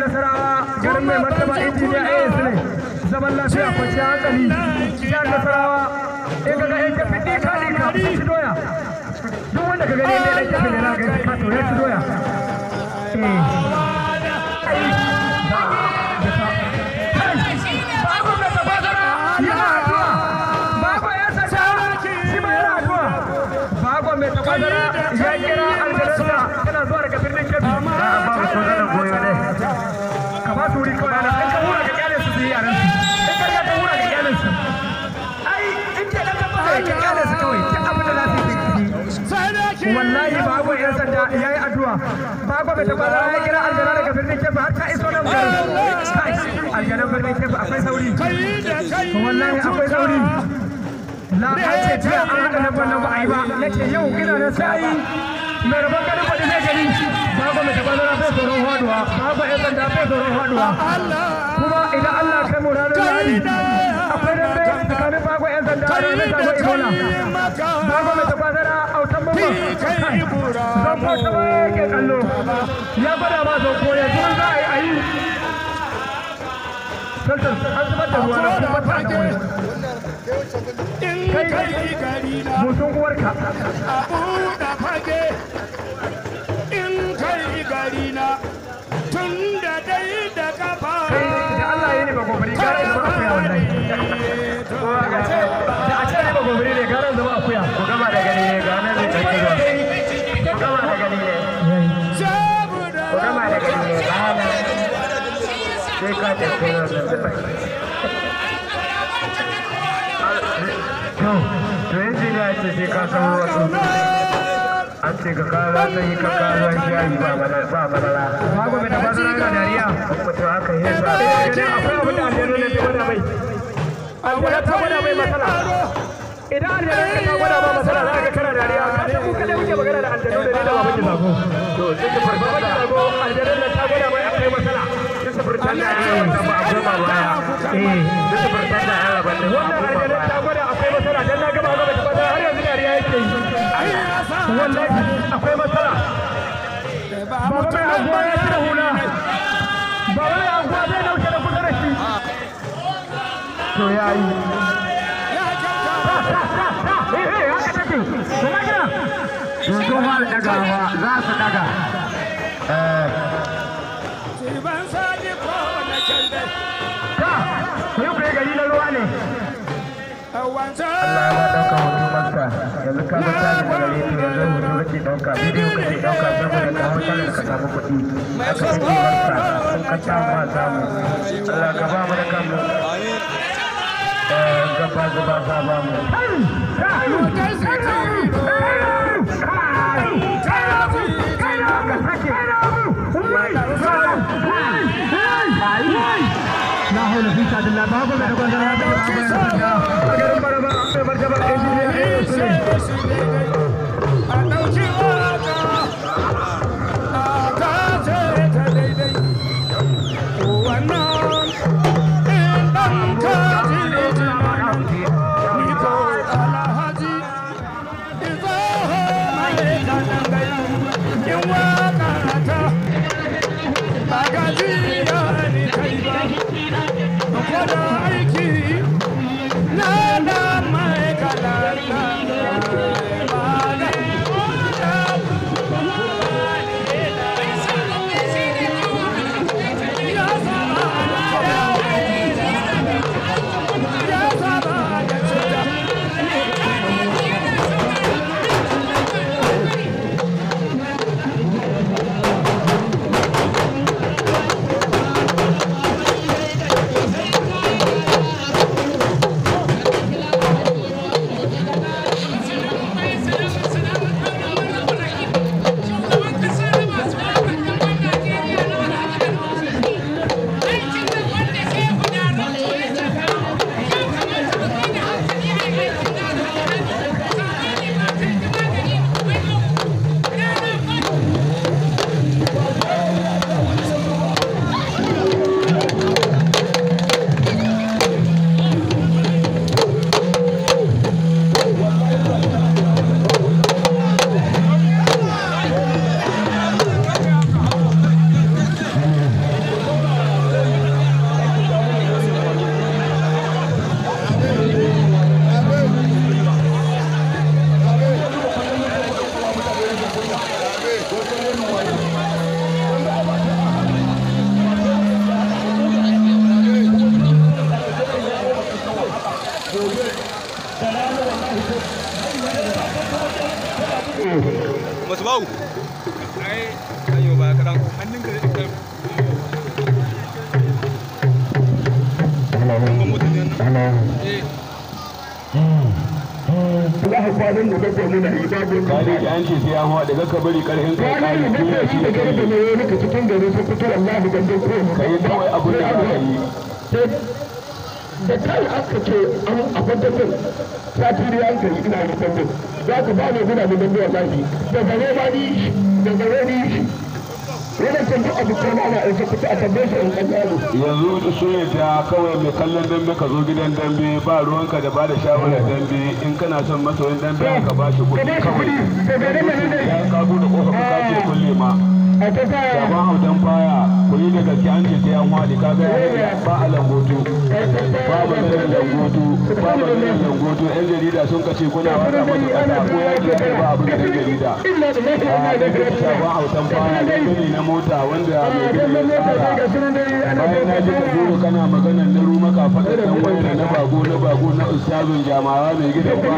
nasarawa garin mai martaba injiniya AS ne zaman lafiya kwanciya hankali jihar nasarawa in ka ga yan tafi ne ka ne ka ci doya duk wanda ka gani ne ɗan tafi ne na gani ka to ya ci doya sama ba daga birnin kebbi har a ba kuma idan Allah kai mu ranar lahadi ya gwada ma sau ko ya zuwan a yi a yi an zubar da ruwa na ta da wani kai mutum a buɗa fage jefai injiniya ake sai ka ba da ba ga gwada ba za ka kana dariya ka ce magana da aljanu da ne da baban ki zago to duk da aljanu ta gwada da furtan da Allah ba ba goma ba eh duk akwai masara yanzu ka ga kayan da gare ta yanzu hoto kake ɗauka bidiyo kake ɗauka saboda ka hau kanin ka samu kuɗi a kan kiwonsa kun ka samu a samu Allah ka ba mu da kanmu gaba gaba ka ba mu. Kai! Kai! Kai! Kai! Kai! Nah, bagus, bagus, bagus, bagus. kwanan da kake muna yi babu ka ne ki an ce sai an ka bari karhin kai ka ne ki ya da gari da mai ne cikin gari sun fito wallahi dan dai ko mu kai kawai abun da ka yi da kai aka ce an abadatun satiri an kai ina musamman za ku ba ne gudanar da wallahi da gare ma ni da gare ni yana son abu kuma ana ɗauke kusa a tambaye shi in yanzu su ne ta kawai mai kallon dambe ka zo gidan dambe ba ruwanka da ba da shawarar dambe in kana son masoyin dambe ka ba shi kuɗi kawai ya ka buɗe ƙofa ka kace ah. kulle ma gaban hautan baya ku da gaske an ta yan wani ka ba a langoto ba ba ba ba ne yan goto yan jarida sun kace kuna wata mata kasa ko yaki kai ba abu da yan jarida a da kuma shagon hausan baya da ne na mota wanda mai gani ya tsara bayan na ji goro kana magana na ruma kafaɗa dan wanda na bago na bago na ustazun jama'a mai gidan ba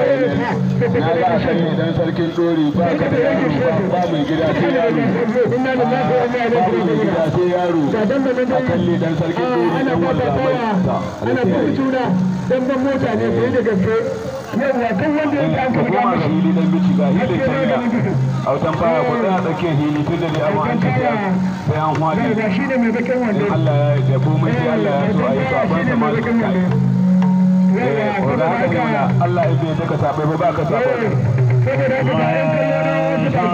na ga a kan dan sarkin dori ba ka da yaro ba mai gida sai yaro ba mai gida sai yaro a kan dan sarkin dori na wanda ba ta ana kuma juna dan ban mota Allah ne fiye da gaske yawwa duk wanda ya kan kuma koma ga hili dan bici ga hili tanga autan baya ko tsaya tsake hili tun da dai amma an ce sai an hwade ga shi ne mai bakin wanda Allah ya yarda komai sai Allah ya so ayi to da malikin kai eh, da Allah ya yarda ka sabai ba ka saba eh, saboda haka bayan kallon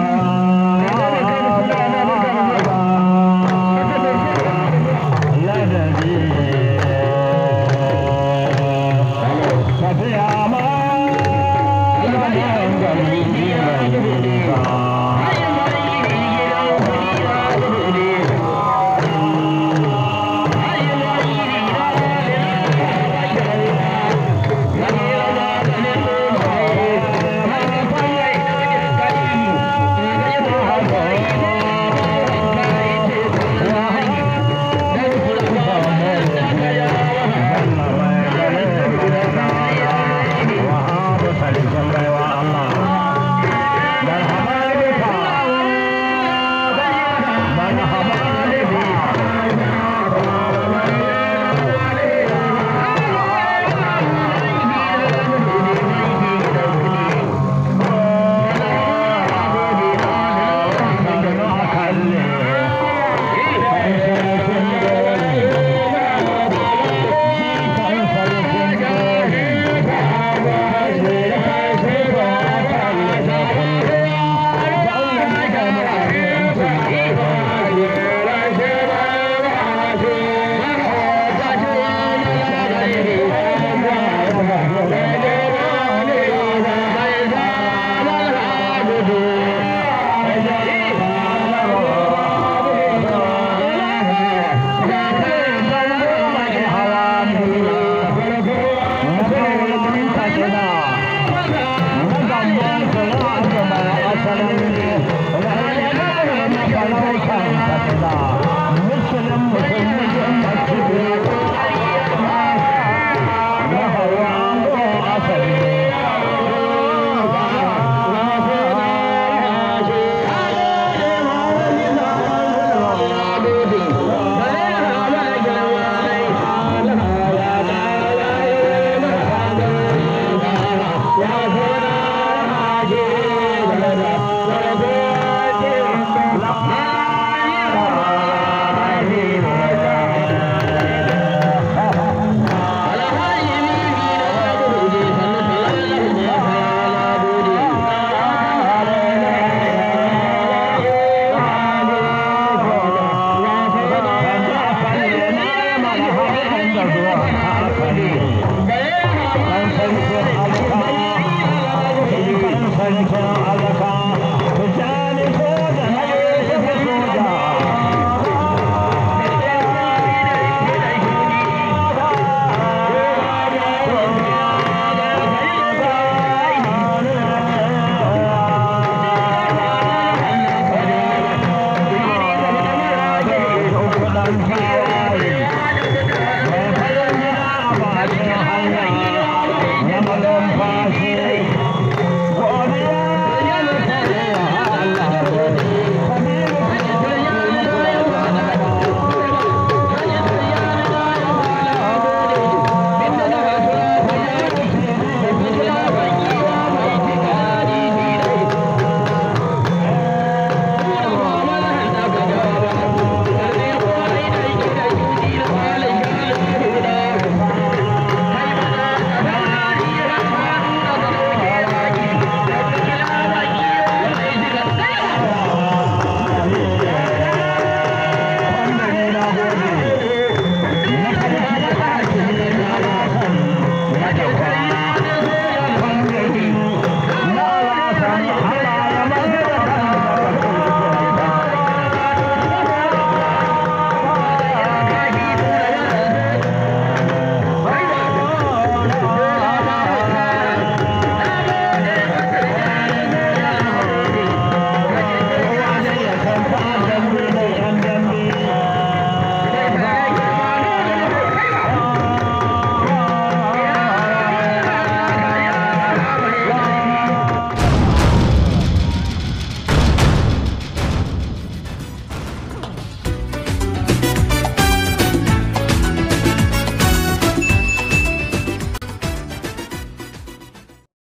是吧 Vai, vai,